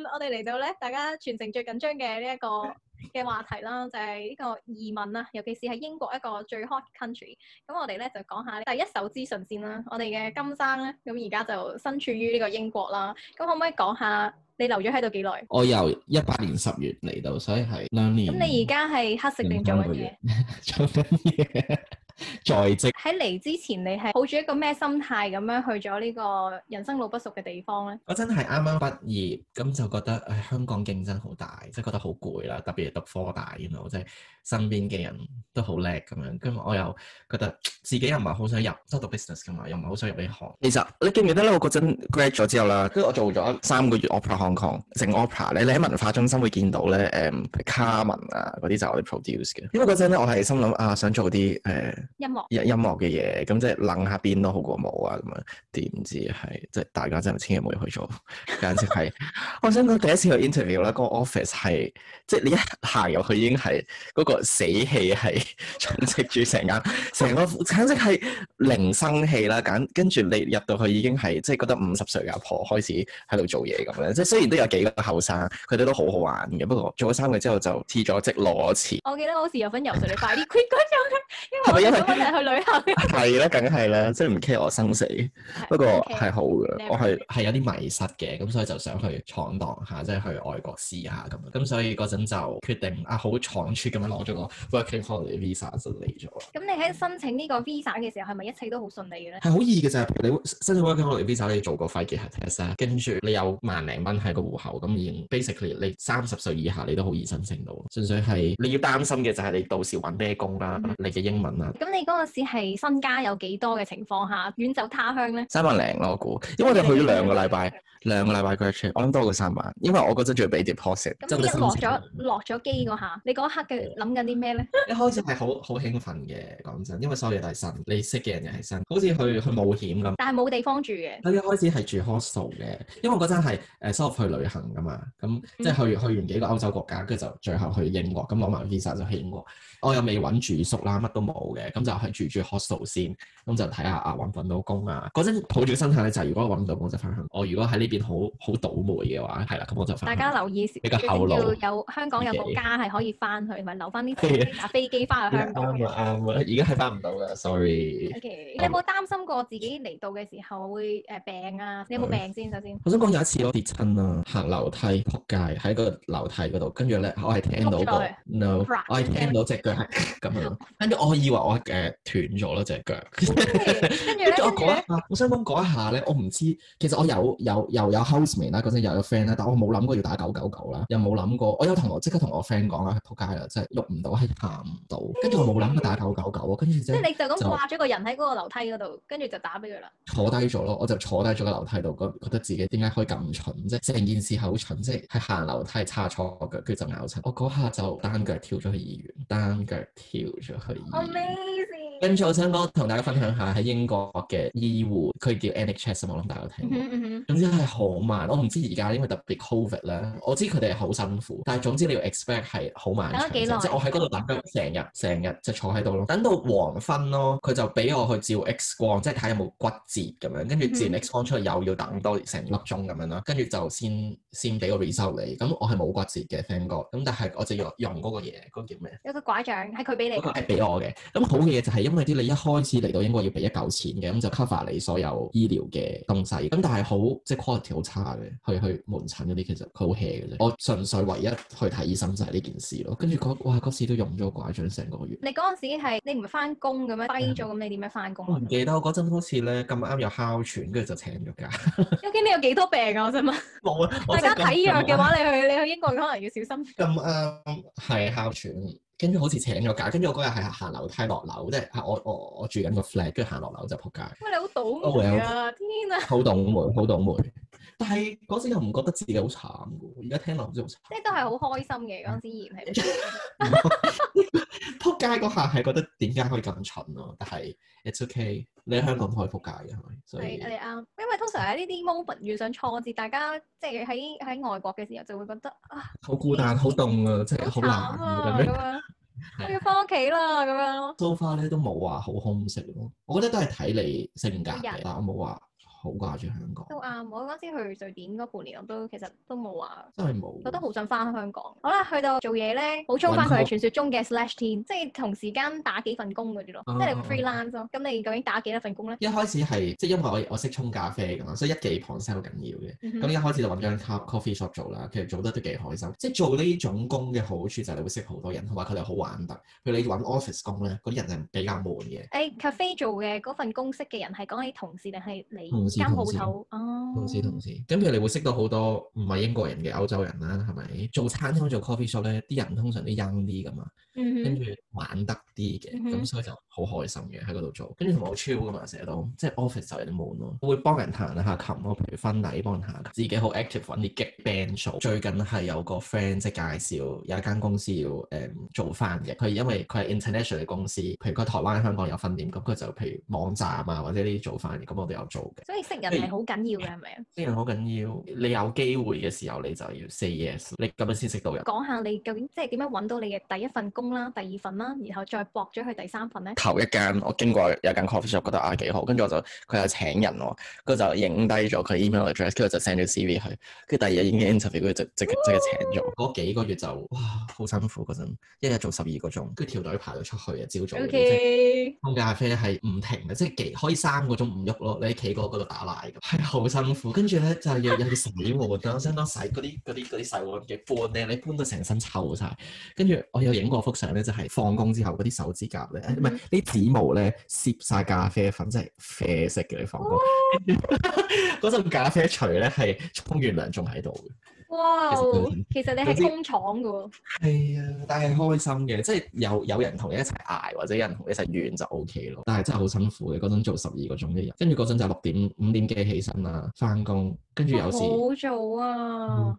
我哋嚟到咧，大家全程最緊張嘅呢一個嘅話題啦，就係、是、呢個移民啦，尤其是喺英國一個最 hot country。咁我哋咧就講下呢，第一手資訊先啦。我哋嘅金生咧，咁而家就身處於呢個英國啦。咁可唔可以講下你留咗喺度幾耐？我由一八年十月嚟到，所以係兩年。咁你而家係黑色變咗乜嘢？ 在職喺嚟之前，你係抱住一個咩心態咁樣去咗呢個人生路不熟嘅地方咧？我真係啱啱畢業，咁就覺得誒、哎、香港競爭好大，即係覺得好攰啦。特別係讀科大然後即係身邊嘅人都好叻咁樣，跟住我又覺得自己又唔係好想入，都讀 business 㗎嘛，又唔係好想入呢行。其實你記唔記得咧？我嗰陣 grad 咗之後啦，跟住我做咗三個月 Opera Hong Kong，成 Opera 咧，你喺文化中心會見到咧誒、嗯、卡文啊嗰啲就係我哋 produce 嘅。因為嗰陣咧，我係心諗啊，想做啲誒。呃音音樂嘅嘢，咁即係諗下邊都好過冇啊！咁樣點知係即係大家真係千祈冇嘢去做。簡直係，我想講第一次去 interview 咧，嗰個 office 係，即係你一行入去已經係嗰個死氣係充斥住成間，成個簡直係零生氣啦。簡跟住你入到去已經係即係覺得五十歲嘅阿婆開始喺度做嘢咁樣。即係雖然都有幾個後生，佢哋都好好玩嘅。不過做咗三個之後就黐咗即攞錢。我記得我好似有份郵信，你快啲 quit 嗰種，因為因為。去旅行係 咧，梗係啦，即係唔 care 我生死，是不過係好嘅，有有我係是係有啲迷失嘅，咁所以就想去闖蕩下，即係去外國試下咁，咁所以嗰陣就決定啊，好倉促咁樣攞咗個 working holiday visa 就嚟咗。咁你喺申請呢個 visa 嘅時候係咪一切都好順利嘅咧？係好易嘅啫，你申請 working holiday visa，你做個肺結核 test，跟住你有萬零蚊喺個戶口，咁已經 basically 你三十歲以下你都好易申請到，純粹係你要擔心嘅就係你到時揾咩工啦， 你嘅英文啊。嗰陣時係身家有幾多嘅情況下遠走他鄉咧？三萬零咯，我估，因為我哋去咗兩個禮拜，嗯、兩個禮拜佢 check 我諗多過三萬，因為我嗰陣仲要俾啲 hostel、嗯、一落咗落咗機嗰下，你嗰刻嘅諗緊啲咩咧？一開始係好好興奮嘅，講真，因為所有嘢都係新，你識嘅人又係新，好似去去冒險咁。但係冇地方住嘅。係一開始係住 hostel 嘅，因為我嗰陣係收入去旅行㗎嘛，咁、嗯、即係去去完幾個歐洲國家，跟住就最後去英國，咁攞埋 visa 就去英國。 我又未揾住宿啦，乜都冇嘅，咁就。係住住 hostel 先，咁就睇下啊，揾唔揾到工啊。嗰陣抱住心態咧，就如果揾唔到工就翻香港。我如果喺呢邊好好倒楣嘅話，係啦，咁我就大家留意比較後腦有香港有家係可以翻去，咪留翻啲飛機飛翻去香港。啱啊，啱啊，而家係翻唔到啦，sorry。你有冇擔心過自己嚟到嘅時候會誒病啊？你有冇病先首先？我想講有一次咯，跌親啊，行樓梯仆街喺個樓梯嗰度，跟住咧我係聽到過，no，我係聽到隻腳咁樣，跟住我以為我嘅。斷咗啦隻腳，跟住、嗯、 我講一下，我想講一下咧，我唔知其實我有有又有 houseman 啦，嗰陣又有 friend 啦，但我冇諗過要打九九九啦，又冇諗過，我有同我即刻同我 friend 講啦，仆街啦，即係喐唔到，係行唔到，跟住我冇諗過打九九九，跟住即係你就咁掛咗個人喺嗰個樓梯嗰度，跟住就打俾佢啦。坐低咗咯，我就坐低咗個樓梯度，覺得自己點解可以咁蠢啫？成件事係好蠢，即係係行樓梯叉錯腳，跟住就拗親。我嗰下就單腳跳咗去醫院，單腳跳咗去醫院。Oh, 跟住我想講同大家分享下喺英國嘅醫護，佢叫 NHS 啊，我諗大家都聽過。嗯嗯嗯，總之係好慢，我唔知而家因為特別 Covid 啦，我知佢哋係好辛苦，但係總之你要 expect 係好慢。等咗幾耐？即係我喺嗰度等咗成日，成日，日就坐喺度咯，等到黃昏咯，佢就俾我去照 X 光，即係睇有冇骨折咁樣，跟住自然 X 光出嚟又要等多成粒鐘咁樣啦，跟住就先先俾個 result 你。咁我係冇骨折嘅，Fang 哥。咁但係我就用用嗰個嘢，嗰、嗰個叫咩？有個拐杖，係佢俾你。係俾我嘅。咁好嘅嘢就係、是因為啲你一開始嚟到英國要俾一嚿錢嘅，咁就 cover 你所有醫療嘅東西。咁但係好即係 quality 好差嘅，去去門診嗰啲其實佢好 hea 嘅啫。我純粹唯一去睇醫生就係呢件事咯。跟住嗰哇嗰時都用咗拐杖成個月。你嗰陣時係你唔係翻工咁樣低咗，咁、呃、你點樣翻工？我唔記得，我嗰陣好似咧咁啱有哮喘，跟住就請咗假。究 竟你有幾多病啊？我想問。冇啊！大家睇藥嘅話，你去你去英國可能要小心。咁啱係哮喘。跟住好似請咗假，跟住我嗰日係行樓梯落樓，即係我我我住緊個 flat，跟住行落樓就仆街。喂，你好倒霉呀？天啊！好倒霉，好倒霉。但係嗰陣又唔覺得自己好慘嘅，而家聽落唔知好慘。即係都係好開心嘅嗰陣時，而係仆街嗰下係覺得點解可以咁蠢咯，啊？但係 it's ok，你喺香港都可以仆街嘅，係咪？所以你啱，因為通常喺呢啲 moment 遇上挫折，大家即係喺喺外國嘅時候就會覺得啊，好孤單、好凍啊，即係好冷啊，咁，啊、樣， 我要翻屋企啦，咁樣。So far 咧都冇話好空虛咯，我覺得都係睇你性格嘅，人我冇話。好掛住香港都啱、嗯，我嗰時去瑞典嗰半年，我都其實都冇話真係冇，我都好想翻香港。好啦，去到做嘢咧，補充翻佢係傳説中嘅 slash team，我即係同時間打幾份工嗰啲咯，哦、即係你 freelance 咯。咁、哦、你究竟打幾多份工咧？一開始係即係因為我我識沖咖啡咁樣，所以一技傍身好緊要嘅。咁、嗯、哼一開始就揾張 coffee shop 做啦，其實做得都幾開心。即係做呢種工嘅好處就係你會識好多人，同埋佢哋好玩得。譬如你揾 office 工咧，嗰啲人係比較悶嘅。誒 cafe 做嘅嗰份工識嘅人係講起同事定係你？嗯英豪友哦，同事同事，咁佢哋你會識到好多唔係英國人嘅歐洲人啦，係咪？做餐廳做 coffee shop 咧，啲人通常都 young 啲㗎嘛，跟住、嗯、哼玩得啲嘅，咁、嗯、哼所以就好開心嘅喺嗰度做，跟住同埋好 chill 㗎嘛，成日都即係 office 就有啲悶咯，會幫人彈下琴咯，譬如婚禮幫人彈，自己好 active 揾啲吉 band 做。最近係有個 friend 即係介紹有一間公司要誒、嗯、做翻嘅，佢因為佢係 international 嘅公司，譬如佢台灣、香港有分店，咁佢就譬如網站啊或者呢啲做翻嘅，咁我都有做嘅。識人係好緊要嘅，係咪啊？識人好緊要，你有機會嘅時候，你就要 say yes。你咁樣先識到人。講下你究竟即係點樣搵到你嘅第一份工啦，第二份啦，然後再駁咗去第三份咧？頭一間我經過有間 coffee shop，覺得啊幾好，跟住我就佢又請人喎，跟住就影低咗佢 email address，跟住就 send 咗 CV 去，跟住第二日已經 interview，佢就即即即刻請咗。嗰幾個月就哇好辛苦，嗰陣一日做十二個鐘，跟住條隊排到出去啊，朝早。OK。沖咖啡係唔停嘅，即係幾可以三個鐘唔喐咯，你喺企過嗰度。打賴咁，係好辛苦。跟住咧就係日日洗碗，相當洗嗰啲嗰啲嗰啲洗碗嘅盤咧，你搬到成身臭晒。跟住我有影過幅相咧，就係放工之後嗰啲手指甲咧，唔係，啲指毛咧，攝晒咖啡粉，即係啡色嘅。你放工，跟住嗰陣咖啡除咧，係沖完涼仲喺度。哇，其實，就係、其實你係工廠嘅喎。係啊，但係開心嘅，即係有有人同你一齊捱，或者有人同你一齊怨就 O K 咯。但係真係好辛苦嘅，嗰陣做十二個鐘一日，跟住嗰陣就六點五點幾起身啦，返工，跟住有時好早啊。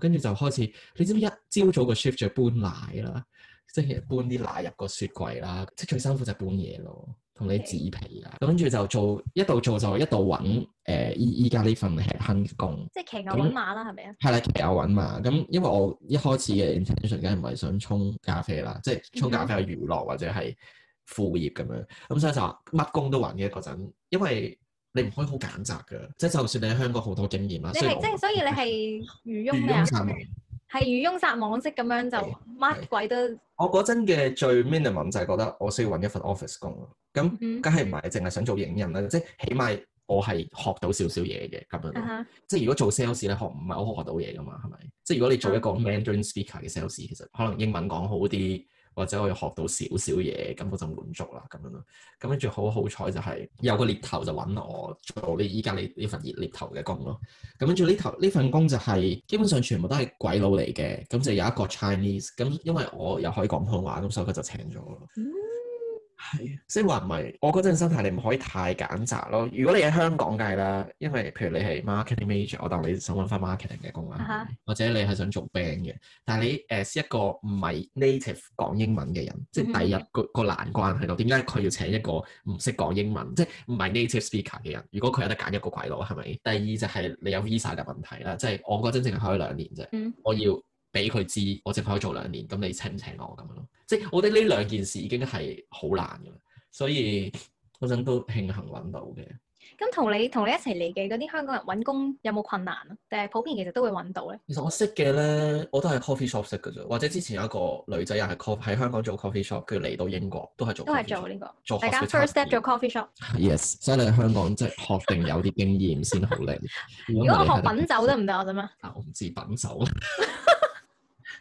跟住、嗯、就開始，你知唔知一朝早個 shift 就搬奶啦，即係搬啲奶入個雪櫃啦。即係最辛苦就係搬嘢咯。同你紙皮啊，跟住 Okay. 就做，一度做就一度揾誒依依家呢份係亨工，即係騎牛揾馬啦，係咪啊？係啦吧，騎牛揾馬咁，因為我一開始嘅 intention 梗唔係想沖咖啡啦，Okay. 即係沖咖啡係娛樂或者係副業咁樣。咁、mm hmm. 所以就話乜工都揾嘅嗰陣，因為你唔可以好揀擇㗎，即係就算你喺香港好多經驗啦。你係是即係所以你係預喐係如翁撒網式咁樣就乜是鬼都。我嗰陣嘅最 minimum 就係覺得我需要揾一份 office 工咯，咁梗係唔係淨係想做影人啦，即係起碼我係學到少少嘢嘅咁樣，即係如果做 sales 你學唔係好學到嘢噶嘛，係咪？即係如果你做一個 Mandarin speaker 嘅 sales，其實可能英文講好啲。或者我要學到少少嘢，咁我就滿足啦，咁樣咯。咁跟住好好彩就係有個獵頭就揾我做呢，依家呢呢份獵頭嘅工咯。咁跟住呢頭呢份工就係基本上全部都係鬼佬嚟嘅，咁就有一個 Chinese，咁因為我又可以講普通話，咁所以佢就請咗咯。係、啊，所以話唔係，我嗰陣心態你唔可以太揀擇咯。如果你喺香港梗係啦，因為譬如你係 marketing major，我當你想揾翻 marketing 嘅工啦，uh huh. 或者你係想做 band 嘅，但係你誒一個唔係 native 講英文嘅人，uh huh. 即係第一個個難關喺度。點解佢要請一個唔識講英文，即係唔係 native speaker 嘅人？如果佢有得揀一個鬼佬，係咪？第二就係你有 visa 嘅問題啦，即係我嗰陣淨係可以兩年啫，uh huh. 我要。俾佢知我只可以做兩年，咁你請唔請我咁樣咯？即係我覺得呢兩件事已經係好難嘅啦，所以嗰陣都慶幸揾到嘅。咁同你同你一齊嚟嘅嗰啲香港人揾工有冇困難啊？定係普遍其實都會揾到咧？其實我識嘅咧，我都係 coffee shop 識嘅啫，或者之前有一個女仔又係喺香港做 coffee shop，佢嚟到英國都係做都係做呢個。做大家 first step 做 coffee shop。Yes，真係香港即係學定有啲經驗先好嚟。 如果我學品酒得唔得我咁啊？我唔知品酒。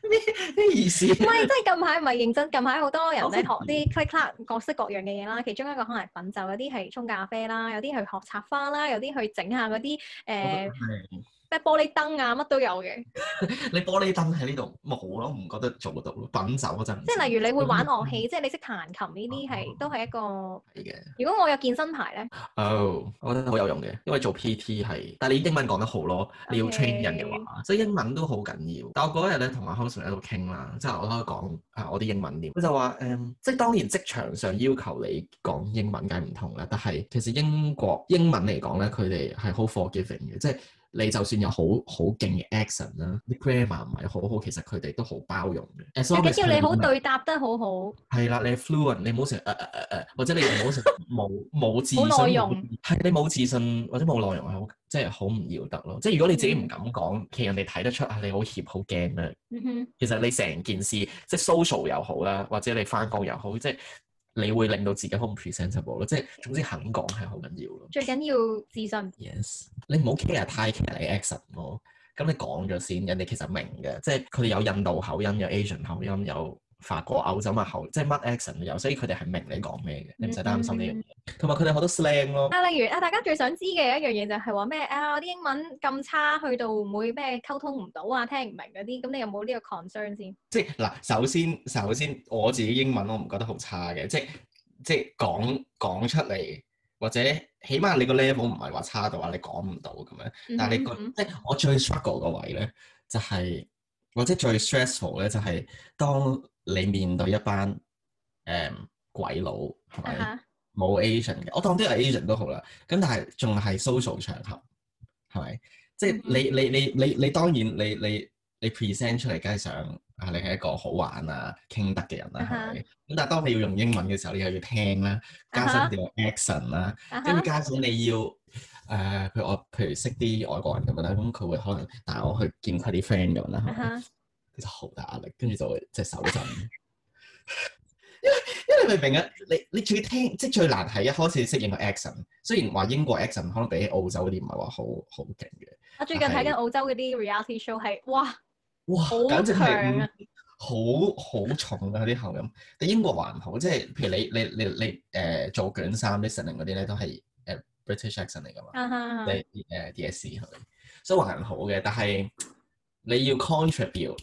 啲啲 意思呢，唔係， 即係近排唔係認真。近排好多人喺學啲 quick class 各式各樣嘅嘢啦，其中一個可能係品酒，有啲係沖咖啡啦，有啲係學插花啦，有啲去整下嗰啲誒。呃 即玻璃燈啊，乜都有嘅。 你玻璃燈喺呢度冇咯，唔覺得做得到品酒嗰陣。即係例如你會玩樂器， 即係你識彈琴呢啲係都係一個。係嘅的。如果我有健身牌咧？哦，我覺得好有用嘅，因為做 PT 係，但係你英文講得好咯，你要 train 人嘅話，Okay. 所以英文都好緊要。但我嗰日咧同阿康 Sir 喺度傾啦，即係我都度講誒我啲英文點，佢就話誒、嗯、即係當然職場上要求你講英文梗係唔同啦，但係其實英國英文嚟講咧，佢哋係好 forgiving 嘅，即係。你就算有好好勁嘅 action 啦 grammar 唔係好好，其實佢哋都好包容嘅。最緊要你好對答得好好。係啦，你 fluent 你唔好成日誒誒誒誒，或者你唔好成日冇冇自信。好內容。係你冇自信或者冇內容係好，即係好唔要得咯。即係如果你自己唔敢講，其實人哋睇得出啊，你好怯好驚啊。哼。Mm hmm. 其實你成件事，即係 social 又好啦，或者你翻工又好，即係。你會令到自己好唔 presentable 咯，即係總之肯講係好緊要咯。最緊要自信。Yes，你唔好 care 太 care 你 action 咯，咁你講咗先，人哋其實明嘅，即係佢哋有印度口音，有 Asian 口音有。法國、歐洲嘛口，即係乜 accent 都有，所以佢哋係明你講咩嘅，你唔使擔心呢樣嘢。同埋佢哋好多 slang 咯、嗯。啊、嗯，例如啊，大家最想知嘅一樣嘢就係話咩啊？我啲英文咁差，去到會唔會咩溝通唔到啊？聽唔明嗰啲？咁你有冇呢個 concern 先？即係嗱，首先首先我自己英文我唔覺得好差嘅，即係即係講講出嚟，或者起碼你個 level 唔係話差到話你講唔到咁樣。但係你覺得即係我最 struggle 嗰位咧、就是，就係或者最 stressful 咧、就是，就係當。你面對一班誒、嗯、鬼佬係咪？冇 Asian 嘅，我當啲有 Asian 都好啦。咁但係仲係 social 場合係咪？Uh huh. 即係你你你你你,你,你,你,你,你當然你你你 present 出嚟，梗係想啊，你係一個好玩啊、傾得嘅人啦，係咪？咁、uh huh. 但係當你要用英文嘅時候，你又要聽啦，加上, uh huh. 加上你要 action 啦，跟住加上你要誒，佢我譬如,我譬如識啲外國人咁樣啦，咁佢會可能帶我去見佢啲 friend 咁樣啦。其實好大壓力，跟住就會即係手震 因，因為因為你明啊，你你最聽即係最難係一開始適應個 accent，雖然話英國 accent 可能比起澳洲嗰啲唔係話好好勁嘅。我最近睇緊澳洲嗰啲 reality show 係哇哇好強啊，好好重啊啲喉音。但英國還好，即係譬如你你你你誒、呃、做卷三 listening 嗰啲咧都係誒 British accent 嚟㗎嘛。啊、哈哈你誒 DSE 係咪？所以還好嘅。但係你要 contribute。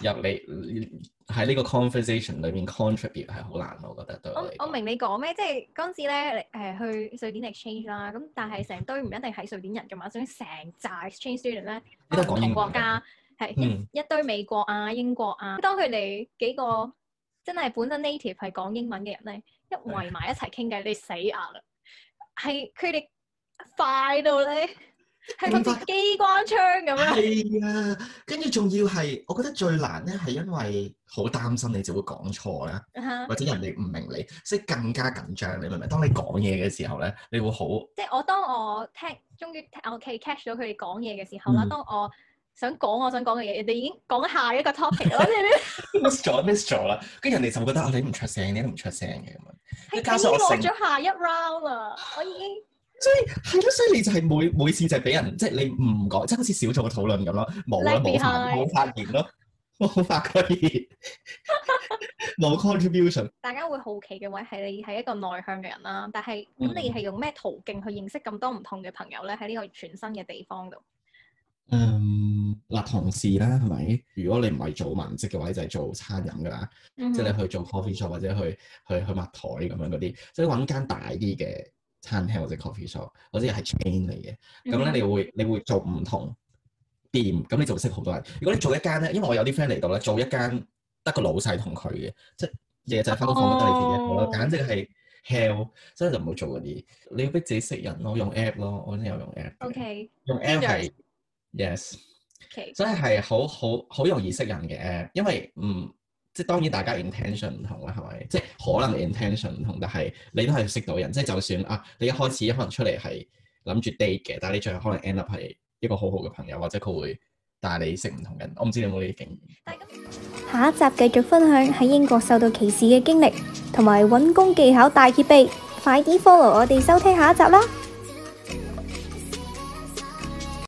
入你喺呢個 conversation 裏邊 contribute 係好難，我覺得對我，我，我明你講咩，即係嗰陣時咧，誒、呃、去瑞典 exchange 啦，咁但係成堆唔一定係瑞典人嘅嘛，所以成扎 exchange student 咧，唔同國家係一一堆美國啊、英國啊，嗯、當佢哋幾個真係本身 native 係講英文嘅人咧，一圍埋一齊傾偈，你死硬啦，係佢哋快到咧。係個機關槍咁樣。係啊，跟住仲要係，我覺得最難咧，係因為好擔心你就會講錯啦，或者人哋唔明你，所以更加緊張。你明唔明？當你講嘢嘅時候咧，你會好，即係我當我聽，終於 OK catch 到佢哋講嘢嘅時候啦。當我想講我想講嘅嘢，人哋已經講下一個 topic 啦，你 miss 咗 miss 咗啦，跟住人哋就會覺得你唔出聲，你都唔出聲嘅咁樣。係點我落咗下一 round 啦？我已經。所以係咯，所以你就係、是、每每次就係俾人即係、就是、你唔講，即係好似小組嘅討論咁咯，冇啊，冇冇發言咯，冇 發言，冇 contribution。大家會好奇嘅話係你係一個內向嘅人啦，但係咁你係用咩途徑去認識咁多唔同嘅朋友咧？喺呢個全新嘅地方度、嗯。嗯，嗱，同事啦，係咪？如果你唔係做文職嘅話，就係、是、做餐飲㗎啦，即係、嗯、哼你去做 coffee shop 或者去去去抹枱咁樣嗰啲，即係揾間大啲嘅餐廳或者 coffee shop，我啲嘢係 chain 嚟嘅，咁咧你會你會做唔同店，咁你就會識好多人。如果你做一間咧，因為我有啲 friend 嚟到咧，做一間得個老細同佢嘅，即係日日就翻到廠得你自己一個，簡直係 hell，所以就唔好做嗰啲。你要逼自己識人咯，用 app 咯，我都有用 app。O Okay , K。用 app 係 yes。O K。所以係好好好容易識人嘅 app，因為唔。嗯。即係當然，大家 intention 唔同啦，係咪？即係可能 intention 唔同，但係你都係識到人。即係就算啊，你一開始可能出嚟係諗住 date 嘅，但係你最後可能 end up 係一個好好嘅朋友，或者佢會帶你識唔同人。我唔知你有冇呢啲經驗。下一集繼續分享喺英國受到歧視嘅經歷同埋揾工技巧大揭秘，快啲 follow 我哋收聽下一集啦！